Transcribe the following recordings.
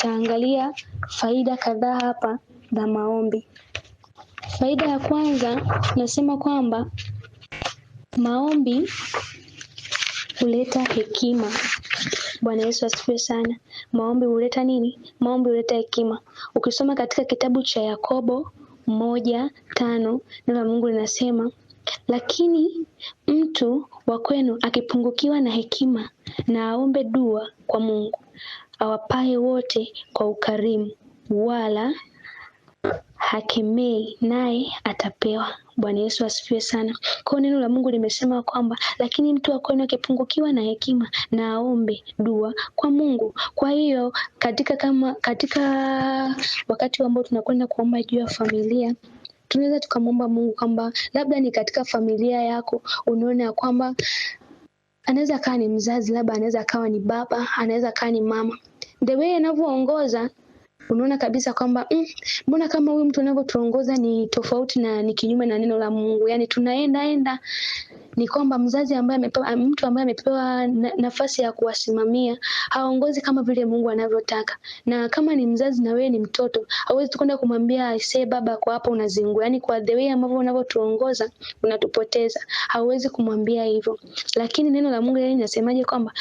Taangalia faida kadhaa hapa za maombi. Faida ya kwanza nasema kwamba maombi huleta hekima. Bwana Yesu asifiwe sana. Maombi huleta nini? Maombi huleta hekima. Ukisoma katika kitabu cha Yakobo moja tano neno la Mungu linasema lakini mtu wa kwenu akipungukiwa na hekima na aombe dua kwa Mungu awapaye wote kwa ukarimu, wala hakemei, naye atapewa. Bwana Yesu asifiwe sana. Kwa neno la Mungu limesema kwamba lakini mtu wa kwenu akipungukiwa na hekima na aombe dua kwa Mungu. Kwa hiyo katika kama katika wakati ambao tunakwenda kuomba juu ya familia tunaweza tukamwomba Mungu kwamba labda ni katika familia yako unaona ya kwamba anaweza akawa ni mzazi, labda anaweza akawa ni baba, anaweza akawa ni mama the way anavyoongoza unaona kabisa kwamba mm, mbona kama huyu mtu anavyotuongoza ni tofauti na ni kinyume na neno la Mungu. Yani tunaenda enda, ni kwamba mzazi ambaye amepewa, ah, mtu ambaye amepewa na, nafasi ya kuwasimamia haongozi kama vile Mungu anavyotaka. Na kama ni mzazi na wewe ni mtoto, hauwezi tukwenda kumwambia aisee, baba kwa hapa unazingua. Yani kwa the way ambavyo unavyotuongoza unatupoteza, hauwezi kumwambia hivyo. Lakini neno la Mungu linasemaje? Kwamba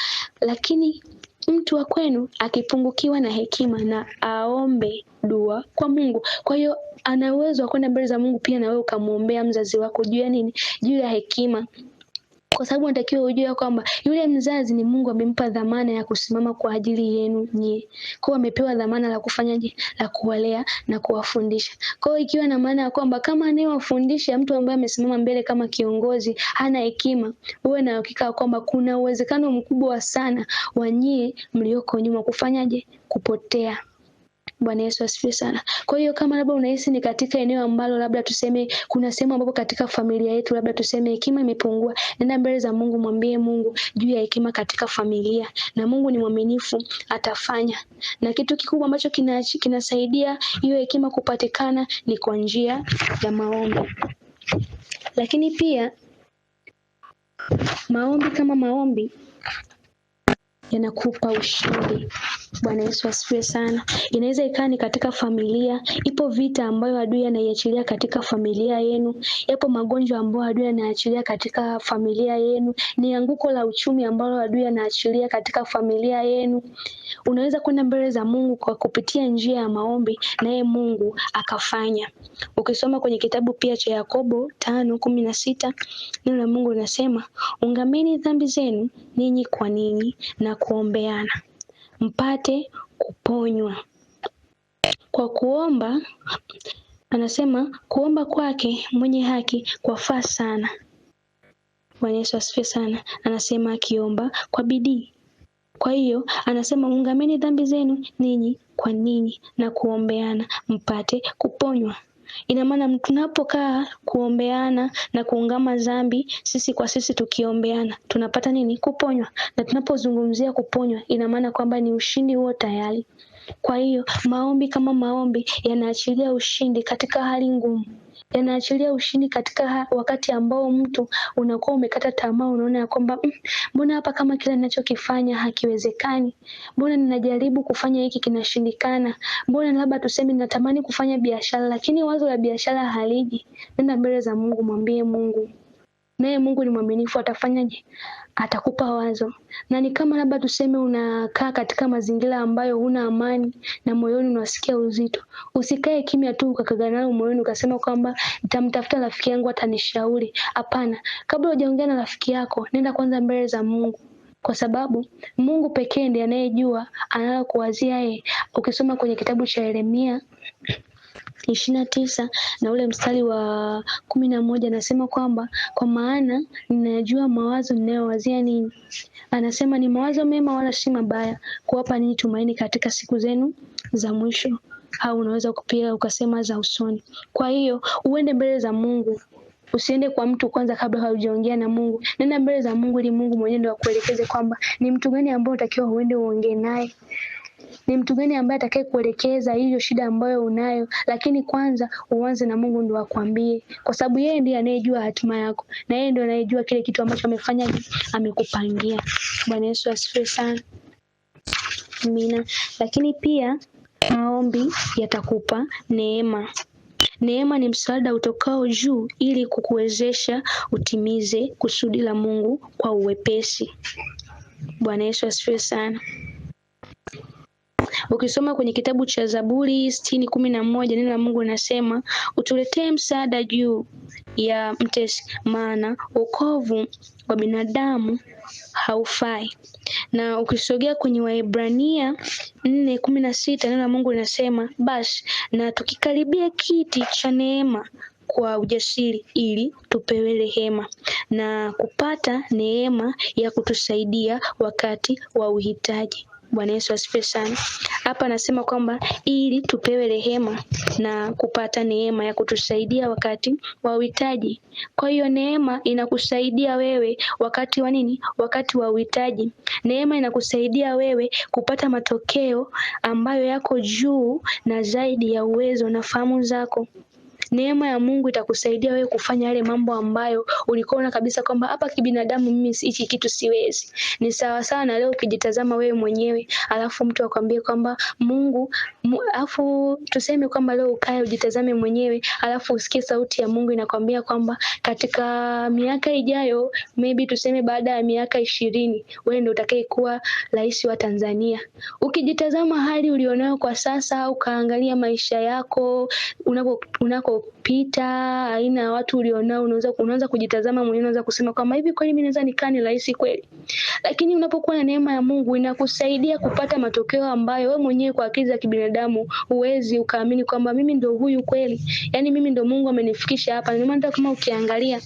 lakini mtu wa kwenu akipungukiwa na hekima na aombe dua kwa Mungu. Kwa hiyo ana uwezo wa kwenda mbele za Mungu pia na wewe ukamwombea mzazi wako juu ya nini? Juu ya hekima kwa sababu anatakiwa ujue kwamba yule mzazi ni Mungu amempa dhamana ya kusimama kwa ajili yenu nyie. Kwa hiyo amepewa dhamana la kufanyaje? La kuwalea na kuwafundisha. Kwa hiyo ikiwa na maana ya kwamba kama anayewafundisha mtu ambaye amesimama mbele kama kiongozi hana hekima, uwe na hakika kwamba kuna uwezekano mkubwa sana wa nyie mlioko nyuma kufanyaje? Kupotea. Bwana Yesu asifiwe sana. Kwa hiyo kama labda unahisi ni katika eneo ambalo labda tuseme kuna sehemu ambapo katika familia yetu labda tuseme hekima imepungua, nenda mbele za Mungu, mwambie Mungu juu ya hekima katika familia, na Mungu ni mwaminifu, atafanya. Na kitu kikubwa ambacho kina, kinasaidia hiyo hekima kupatikana ni kwa njia ya maombi, lakini pia maombi kama maombi yanakupa ushindi. Bwana Yesu asifiwe sana. Inaweza ikawa ni katika familia, ipo vita ambayo adui anaiachilia katika familia yenu, yapo magonjwa ambayo adui anaachilia katika familia yenu, ni anguko la uchumi ambalo adui anaachilia katika familia yenu. Unaweza kwenda mbele za Mungu kwa kupitia njia ya maombi, naye Mungu akafanya. Ukisoma kwenye kitabu pia cha Yakobo tano kumi na sita neno la Mungu linasema ungameni dhambi zenu ninyi kwa ninyi na kuombeana mpate kuponywa. Kwa kuomba anasema kuomba kwake mwenye haki kwafaa sana. Bwana Yesu asifiwe sana. Anasema akiomba kwa bidii. Kwa hiyo anasema ungameni dhambi zenu ninyi kwa ninyi na kuombeana mpate kuponywa. Ina maana tunapokaa kuombeana na kuungama zambi sisi kwa sisi tukiombeana tunapata nini? Kuponywa. Na tunapozungumzia kuponywa, ina maana kwamba ni ushindi huo tayari. Kwa hiyo maombi kama maombi yanaachilia ushindi katika hali ngumu, yanaachilia ushindi katika wakati ambao mtu unakuwa umekata tamaa, unaona ya kwamba mm, mbona hapa kama kile ninachokifanya hakiwezekani, mbona ninajaribu kufanya hiki kinashindikana, mbona labda tuseme ninatamani kufanya biashara lakini wazo la biashara haliji. Nenda mbele za Mungu, mwambie Mungu naye Mungu ni mwaminifu, atafanyaje? Atakupa wazo. Na ni kama labda tuseme unakaa katika mazingira ambayo huna amani na moyoni unasikia uzito, usikae kimya tu ukakagana nalo moyoni ukasema kwamba nitamtafuta rafiki yangu atanishauri. Hapana, kabla hujaongea na rafiki yako, nenda kwanza mbele za Mungu kwa sababu Mungu pekee ndiye anayejua analokuwazia yeye. Ukisoma kwenye kitabu cha Yeremia ishirini na tisa na ule mstari wa kumi na moja anasema kwamba kwa maana ninajua mawazo ninayowazia nini anasema ni mawazo mema, wala si mabaya, kuwapa nini tumaini katika siku zenu za mwisho, au unaweza kupiga ukasema za usoni. Kwa hiyo uende mbele za Mungu, Usiende kwa mtu kwanza kabla haujaongea na Mungu. Nenda mbele za Mungu ili Mungu mwenyewe ndo akuelekeze kwamba ni mtu gani ambaye unatakiwa uende uongee naye ni mtu gani ambaye atakaye kuelekeza hiyo shida ambayo unayo, lakini kwanza uanze na Mungu ndio akwambie, kwa sababu yeye ndiye anayejua hatima yako na yeye ndio anayejua kile kitu ambacho amefanya amekupangia. Bwana Yesu asifiwe sana. Amina. Lakini pia maombi yatakupa neema. Neema ni msaada utokao juu ili kukuwezesha utimize kusudi la Mungu kwa uwepesi. Bwana Yesu asifiwe sana. Ukisoma kwenye kitabu cha Zaburi sitini kumi na moja neno la Mungu linasema utuletee msaada juu ya mtesi, maana wokovu wa binadamu haufai. Na ukisogea kwenye Waebrania nne kumi na sita neno la Mungu linasema basi na tukikaribia kiti cha neema kwa ujasiri ili tupewe rehema na kupata neema ya kutusaidia wakati wa uhitaji. Bwana Yesu asifiwe sana. Hapa anasema kwamba ili tupewe rehema na kupata neema ya kutusaidia wakati wa uhitaji. Kwa hiyo neema inakusaidia wewe wakati wa nini? Wakati wa uhitaji. Neema inakusaidia wewe kupata matokeo ambayo yako juu na zaidi ya uwezo na fahamu zako. Neema ya Mungu itakusaidia wewe kufanya yale mambo ambayo ulikuwa una kabisa kwamba hapa kibinadamu mimi hichi kitu siwezi. Ni sawa sawa na leo ukijitazama wewe mwenyewe, alafu mtu akwambie kwamba Mungu, alafu tuseme kwamba leo ukae ujitazame mwenyewe, alafu usikie sauti ya Mungu inakwambia kwamba katika miaka ijayo, maybe tuseme baada ya miaka ishirini, wewe ndio utakayekuwa rais wa Tanzania. Ukijitazama hali ulionayo kwa sasa, ukaangalia maisha yako unako unako unavyopita, aina ya watu ulionao, unaweza unaanza kujitazama mwenyewe, unaweza kusema kwamba hivi kweli mimi naweza nikaa ni rahisi kweli? Lakini unapokuwa na neema ya Mungu inakusaidia kupata matokeo ambayo wewe mwenyewe kwa akili za kibinadamu huwezi ukaamini kwamba mimi ndo huyu kweli, yani mimi ndo Mungu amenifikisha hapa. Ndio maana kama ukiangalia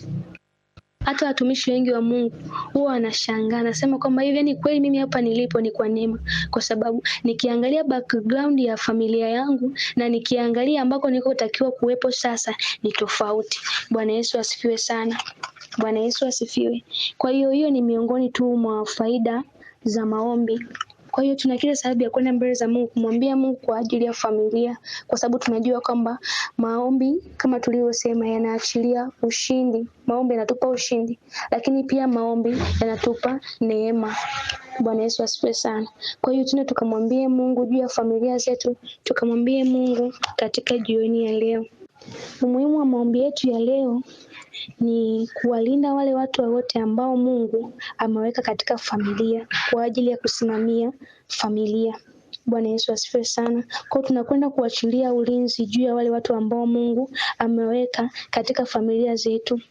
hata watumishi wengi wa Mungu huwa wanashangaa, anasema kwamba hivi, yani kweli mimi hapa nilipo ni kwa neema, kwa sababu nikiangalia background ya familia yangu na nikiangalia ambako nikotakiwa kuwepo sasa ni tofauti. Bwana Yesu asifiwe sana. Bwana Yesu asifiwe. Kwa hiyo hiyo ni miongoni tu mwa faida za maombi. Kwa hiyo tuna kila sababu ya kwenda mbele za Mungu kumwambia Mungu kwa ajili ya familia, kwa sababu tunajua kwamba maombi kama tulivyosema, yanaachilia ushindi. Maombi yanatupa ushindi, lakini pia maombi yanatupa neema. Bwana Yesu asifiwe sana. Kwa hiyo tuna tukamwambie Mungu juu ya familia zetu, tukamwambie Mungu katika jioni ya leo. Umuhimu wa maombi yetu ya leo ni kuwalinda wale watu wote ambao Mungu ameweka katika familia kwa ajili ya kusimamia familia. Bwana Yesu asifiwe sana. Kwa hiyo tunakwenda kuachilia ulinzi juu ya wale watu ambao Mungu ameweka katika familia zetu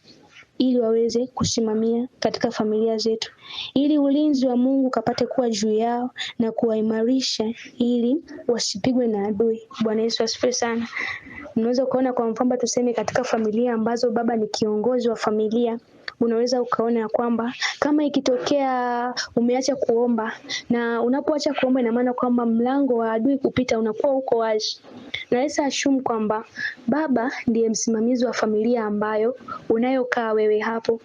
ili waweze kusimamia katika familia zetu, ili ulinzi wa Mungu kapate kuwa juu yao na kuwaimarisha ili wasipigwe na adui. Bwana Yesu asifiwe sana. Unaweza ukaona kwa mfano, tuseme katika familia ambazo baba ni kiongozi wa familia unaweza ukaona ya kwamba kama ikitokea umeacha kuomba, na unapoacha kuomba, ina maana kwamba mlango wa adui kupita unakuwa uko wazi. Naweza ashum kwamba baba ndiye msimamizi wa familia ambayo unayokaa wewe hapo.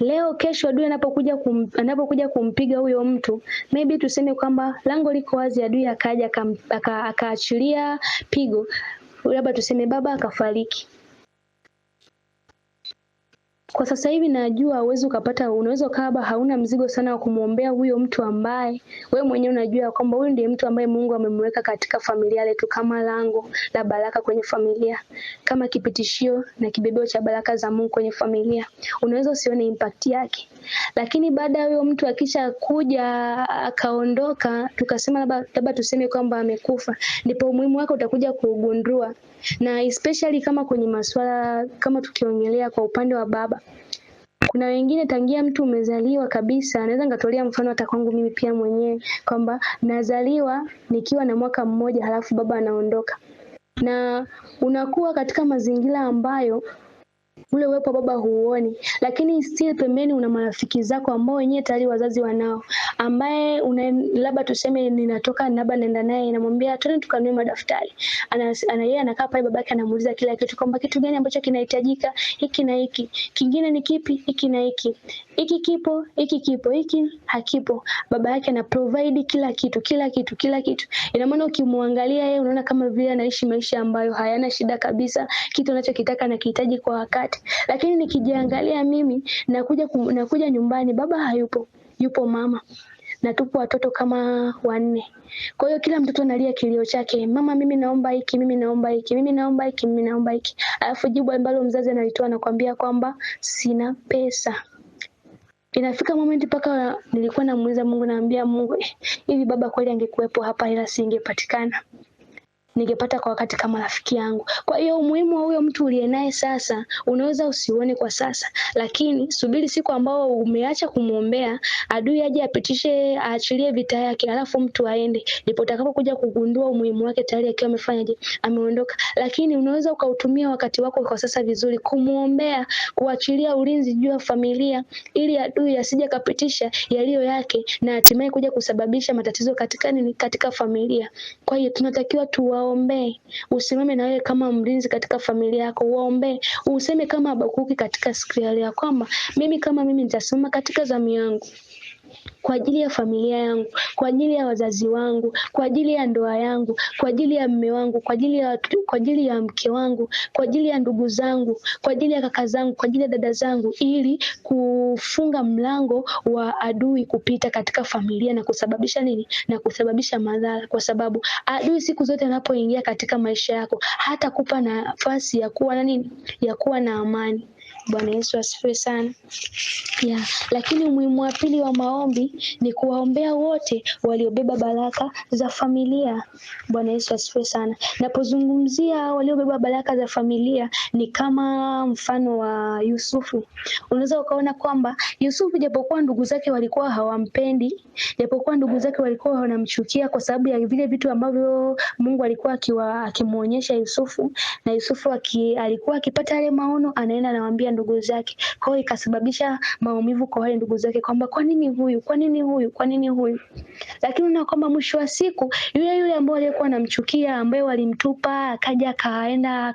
Leo kesho, adui anapokuja kum, anapokuja kumpiga huyo mtu, maybe tuseme kwamba lango liko wazi, adui akaja akaachilia pigo, labda tuseme baba akafariki. Kwa sasa hivi najua uwezi ukapata, unaweza ukawa hauna mzigo sana wa kumwombea huyo mtu ambaye wewe mwenyewe unajua kwamba huyu ndiye mtu ambaye Mungu amemweka katika familia letu kama lango la baraka kwenye familia, kama kipitishio na kibebeo cha baraka za Mungu kwenye familia. Unaweza usione impact yake, lakini baada ya huyo mtu akisha kuja akaondoka, tukasema labda tuseme kwamba amekufa, ndipo umuhimu wake utakuja kuugundua, na especially kama kwenye masuala kama tukiongelea kwa upande wa baba kuna wengine tangia mtu umezaliwa kabisa, naweza ngatolea mfano hata kwangu mimi pia mwenyewe kwamba nazaliwa nikiwa na mwaka mmoja, halafu baba anaondoka, na unakuwa katika mazingira ambayo ule uwepo wa baba huuoni, lakini still pembeni una marafiki zako ambao wenyewe tayari wazazi wanao, ambaye una labda tuseme ninatoka naba naenda naye, namwambia twende tukanunue madaftari, ana yeye anakaa pale, babake anamuuliza kila kitu kwamba kitu gani ambacho kinahitajika, hiki na hiki, kingine ni kipi, hiki na hiki, hiki kipo, hiki kipo, hiki hakipo. Baba yake ana provide kila kitu, kila kitu, kila kitu. Ina maana ukimwangalia yeye unaona kama vile anaishi maisha ambayo hayana shida kabisa, kitu anachokitaka anakihitaji kwa wakati lakini nikijiangalia mimi nakuja kum, nakuja nyumbani baba hayupo, yupo mama na tupo watoto kama wanne. Kwa hiyo kila mtoto analia kilio chake, mama, mimi naomba hiki, mimi naomba hiki, mimi naomba hiki, mimi naomba hiki, alafu jibu ambalo mzazi analitoa anakwambia kwamba sina pesa. Inafika moment mpaka nilikuwa namuuliza Mungu, naambia Mungu, eh, hivi baba kweli angekuwepo hapa ila singepatikana? ningepata kwa wakati kama rafiki yangu. Kwa hiyo umuhimu wa huyo mtu uliye naye sasa unaweza usione kwa sasa, lakini subiri siku ambao umeacha kumwombea adui aje apitishe aachilie vita yake, alafu mtu aende, ndipo utakapokuja kugundua umuhimu wake tayari akiwa amefanyaje, ameondoka. Lakini unaweza ukautumia wakati wako kwa sasa vizuri kumwombea, kuachilia ulinzi juu ya familia, ili adui asije kapitisha yaliyo yake na hatimaye kuja kusababisha matatizo katika nini, katika familia. Kwa hiyo tunatakiwa tuwa waombee. Usimame na wewe kama mlinzi katika familia yako, waombee. Useme kama Habakuki katika siku ya leo kwamba mimi kama mimi nitasimama katika zamu yangu kwa ajili ya familia yangu, kwa ajili ya wazazi wangu, kwa ajili ya ndoa yangu, kwa ajili ya mme wangu, kwa ajili ya kwa ajili ya mke wangu, kwa ajili ya ndugu zangu, kwa ajili ya kaka zangu, kwa ajili ya dada zangu, ili kufunga mlango wa adui kupita katika familia na kusababisha nini? Na kusababisha madhara, kwa sababu adui siku zote anapoingia katika maisha yako hata kupa nafasi ya kuwa na nini? Ya kuwa na amani. Bwana Yesu asifiwe sana. Yeah. Lakini umuhimu wa pili wa maombi ni kuwaombea wote waliobeba baraka za familia. Bwana Yesu asifiwe sana. Napozungumzia waliobeba baraka za familia ni kama mfano wa Yusufu. Unaweza ukaona kwamba Yusufu japokuwa ndugu zake walikuwa hawampendi, japokuwa ndugu zake walikuwa wanamchukia kwa sababu ya vile vitu ambavyo Mungu alikuwa akiwa akimuonyesha Yusufu na Yusufu aki, alikuwa akipata yale maono anaenda anawaambia ndugu zake. kwao, ikasababisha maumivu kwa wale ndugu zake kwamba kwa nini huyu, kwa nini huyu, kwa nini huyu. Lakini na kwamba mwisho wa siku yule yule ambaye alikuwa anamchukia, ambaye walimtupa, akaja akaenda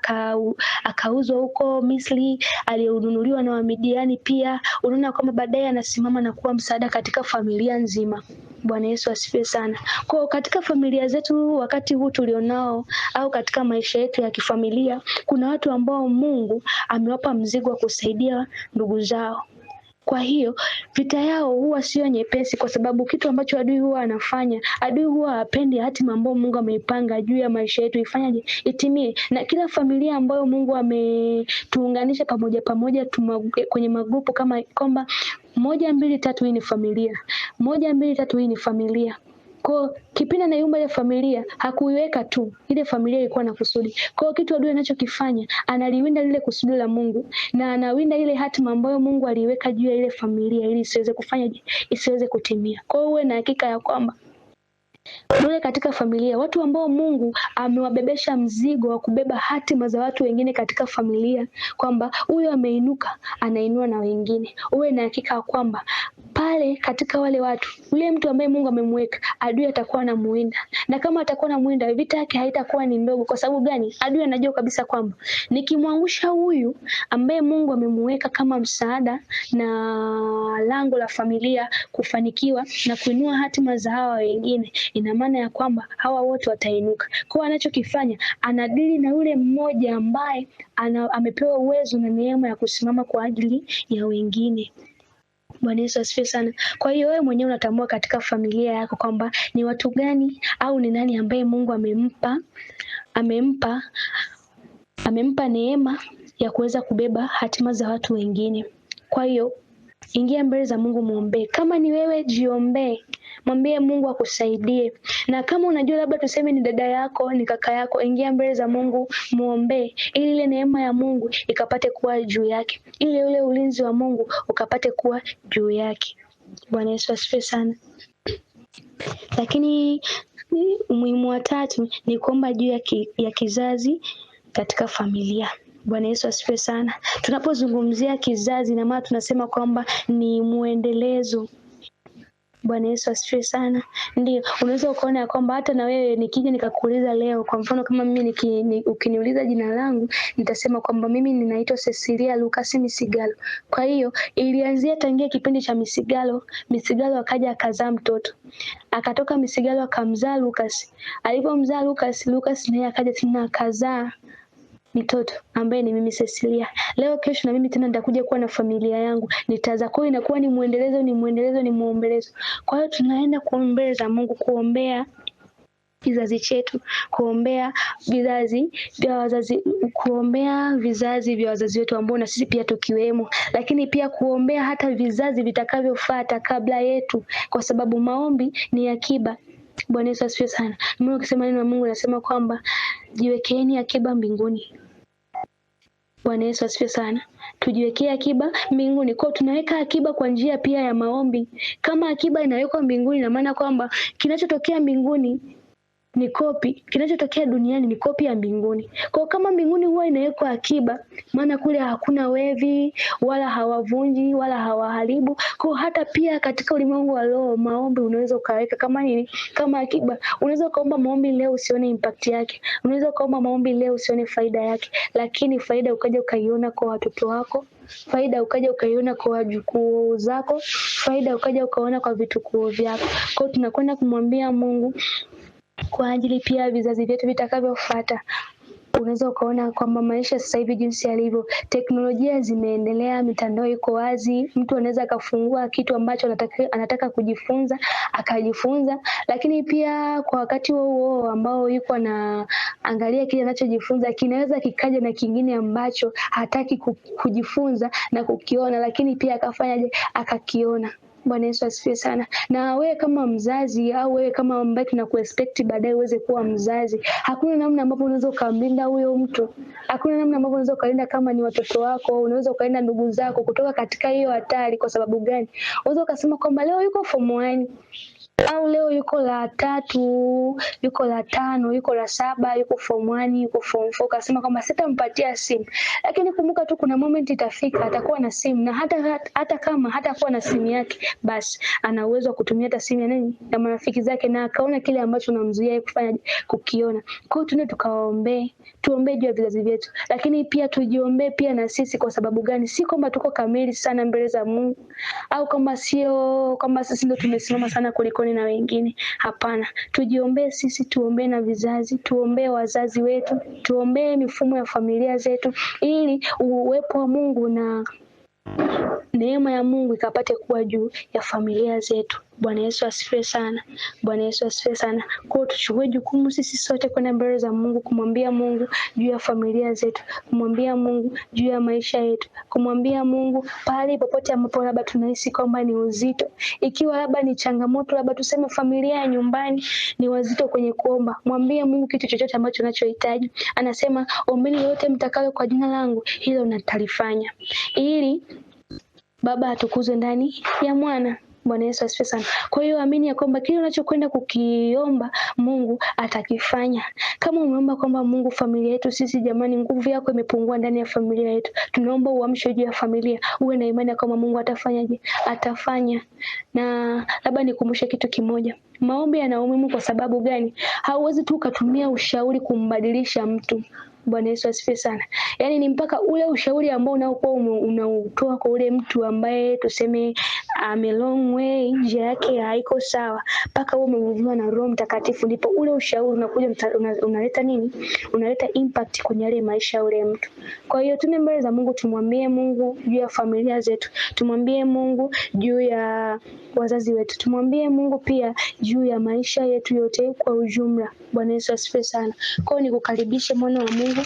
akauzwa huko Misri, aliyonunuliwa na Wamidiani pia, unaona kwamba baadaye anasimama na kuwa msaada katika familia nzima. Bwana Yesu asifiwe sana. Kwa katika familia zetu wakati huu tulionao, au katika maisha yetu ya kifamilia, kuna watu ambao Mungu amewapa mzigo wa kusaidia ndugu zao. Kwa hiyo vita yao huwa sio nyepesi, kwa sababu kitu ambacho adui huwa anafanya, adui huwa hapendi hatima ambayo Mungu ameipanga juu ya maisha yetu ifanyaje, itimie. Na kila familia ambayo Mungu ametuunganisha pamoja pamoja tuma, kwenye magrupu kama kwamba moja mbili tatu, hii ni familia, moja mbili tatu, hii ni familia kwa kipindi anaiumba ile familia hakuiweka tu, ile familia ilikuwa na kusudi. Kwa kitu adui anachokifanya analiwinda lile kusudi la Mungu na anawinda ile hatima ambayo Mungu aliiweka juu ya ile familia ili isiweze kufanya isiweze kutimia. Kwa uwe na hakika ya kwamba Tuwe katika familia, watu ambao Mungu amewabebesha mzigo wa kubeba hatima za watu wengine katika familia, kwamba huyo ameinuka, anainua na wengine. Uwe na hakika kwamba pale katika wale watu, yule mtu ambaye Mungu amemweka, adui atakuwa na muinda na kama atakuwa anamuinda, vita yake haitakuwa ni ndogo. Kwa sababu gani? Adui anajua kabisa kwamba nikimwangusha huyu ambaye Mungu amemuweka kama msaada na lango la familia kufanikiwa na kuinua hatima za hawa wengine ina maana ya kwamba hawa wote watainuka. Kwa hiyo anachokifanya anadili na yule mmoja ambaye ana, amepewa uwezo na neema ya kusimama kwa ajili ya wengine. Bwana Yesu asifiwe sana. Kwa hiyo wewe mwenyewe unatambua katika familia yako kwamba ni watu gani au ni nani ambaye Mungu amempa amempa amempa neema ya kuweza kubeba hatima za watu wengine. Kwa hiyo ingia mbele za Mungu muombe. Kama ni wewe jiombee mwambie Mungu akusaidie. Na kama unajua labda tuseme ni dada yako, ni kaka yako, ingia mbele za Mungu muombe, ili ile neema ya Mungu ikapate kuwa juu yake, ili ule ulinzi wa Mungu ukapate kuwa juu yake. Bwana Yesu asifiwe sana. Lakini umuhimu wa tatu ni kuomba juu ya, ki, ya kizazi katika familia. Bwana Yesu asifiwe sana. Tunapozungumzia kizazi, na maana tunasema kwamba ni mwendelezo Bwana Yesu asifiwe sana. Ndio, unaweza ukaona ya kwamba hata na wewe nikija nikakuuliza leo, kwa mfano kama mimi niki, ni, ukiniuliza jina langu nitasema kwamba mimi ninaitwa Cecilia Lucas Misigalo. Kwa hiyo ilianzia tangia kipindi cha Misigalo, Misigalo akaja akazaa mtoto, akatoka Misigalo akamzaa Lucas. Alipomzaa Lucas, Lucas naye akaja tena akazaa mtoto ambaye ni mimi Cecilia. Leo kesho na mimi tena nitakuja kuwa na familia yangu, nitaza kwa inakuwa ni muendelezo, ni muendelezo, ni muombelezo. Kwa hiyo tunaenda kuombeza Mungu, kuombea kizazi chetu, kuombea vizazi vya wazazi, kuombea vizazi vya wazazi wetu ambao na sisi pia tukiwemo, lakini pia kuombea hata vizazi vitakavyofuata kabla yetu, kwa sababu maombi ni akiba. Bwana Yesu asifiwe sana. Mungu akisema neno la Mungu nasema kwamba jiwekeeni akiba mbinguni Bwana Yesu asifiwe sana. Tujiwekee akiba mbinguni. Kwa tunaweka akiba kwa njia pia ya maombi. Kama akiba inawekwa mbinguni, na maana kwamba kinachotokea mbinguni ni kopi, kinachotokea duniani ni kopi ya mbinguni. Kwa kama mbinguni huwa inawekwa akiba, maana kule hakuna wevi wala hawavunji wala hawaharibu. Kwa hata pia katika ulimwengu wa roho, maombi unaweza ukaweka kama nini, kama akiba. Unaweza ukaomba maombi leo usione impact yake, unaweza ukaomba maombi leo usione faida yake, lakini faida ukaja ukaiona kwa watoto wako faida ukaja ukaiona kwa wajukuu zako, faida ukaja ukaona kwa vitukuu vyako. Kwao tunakwenda kumwambia Mungu kwa ajili pia vizazi vyetu vitakavyofuata. Unaweza ukaona kwamba maisha sasa hivi jinsi yalivyo, teknolojia zimeendelea, mitandao iko wazi, mtu anaweza akafungua kitu ambacho anataka, anataka kujifunza akajifunza. Lakini pia kwa wakati huo huo ambao yuko na angalia kile anachojifunza, kinaweza kikaja na kingine ambacho hataki kujifunza na kukiona, lakini pia akafanyaje, akakiona. Bwana Yesu asifiwe sana. Na wewe kama mzazi au wewe kama ambaye tunakuexpect baadaye uweze kuwa mzazi, hakuna namna ambavyo unaweza ukamlinda huyo mtu, hakuna namna ambavyo unaweza ukalinda kama ni watoto wako, unaweza ukalinda ndugu zako kutoka katika hiyo hatari. Kwa sababu gani? Unaweza ukasema kwamba leo yuko form one au leo yuko la tatu, yuko la tano, yuko la saba, yuko form one, yuko form four, kasema kwamba sitampatia simu. Lakini kumbuka tu, kuna moment itafika atakuwa na simu, na hata hata kama hatakuwa na simu yake, basi ana uwezo wa kutumia hata simu ya nani na marafiki zake, na akaona kile ambacho namzuia kufanya kukiona. Kwa hiyo tunaweza tukawaombee, tuombee juu ya vizazi vyetu, lakini pia tujiombee pia na sisi. Kwa sababu gani? Si kwamba tuko kamili sana mbele za Mungu au kwamba sio kwamba sisi ndio tumesimama sana kuliko mikono na wengine. Hapana, tujiombee sisi, tuombee na vizazi, tuombee wazazi wetu, tuombee mifumo ya familia zetu, ili uwepo wa Mungu na neema ya Mungu ikapate kuwa juu ya familia zetu. Bwana Yesu asifiwe sana. Bwana Yesu asifiwe sana. Kwa hiyo tuchukue jukumu sisi sote kwenda mbele za Mungu kumwambia Mungu juu ya familia zetu, kumwambia Mungu juu ya maisha yetu, kumwambia Mungu pale popote ambapo labda tunahisi kwamba ni uzito, ikiwa labda ni changamoto, labda tuseme familia ya nyumbani ni wazito kwenye kuomba, mwambie Mungu kitu chochote ambacho unachohitaji. Anasema ombeni lolote mtakalo kwa jina langu, hilo natalifanya, ili Baba atukuzwe ndani ya Mwana. Bwana Yesu asifiwe sana. Kwa hiyo amini ya kwamba kile unachokwenda kukiomba Mungu atakifanya. Kama umeomba kwamba Mungu, familia yetu sisi, jamani, nguvu yako imepungua ndani ya familia yetu, tunaomba uamshe juu ya familia, uwe na imani ya kwamba Mungu atafanyaje? Atafanya. Na labda nikumbushe kitu kimoja, maombi yana umuhimu kwa sababu gani? Hauwezi tu ukatumia ushauri kumbadilisha mtu Bwana Yesu asifiwe sana. Yaani ni mpaka ule ushauri ambao unaokuwa unautoa kwa ule mtu ambaye tuseme ame long way, njia yake haiko sawa, mpaka wewe umevuviwa na Roho Mtakatifu, ndipo ule ushauri unakuja unaleta nini? Unaleta impact kwenye ile maisha ya ule mtu. Kwa hiyo tuende mbele za Mungu, tumwambie Mungu juu ya familia zetu, tumwambie Mungu juu ya wazazi wetu, tumwambie Mungu pia juu ya maisha yetu yote kwa ujumla. Bwana Yesu asifiwe sana. Kwa hiyo nikukaribishe mwana wa Mungu oldu.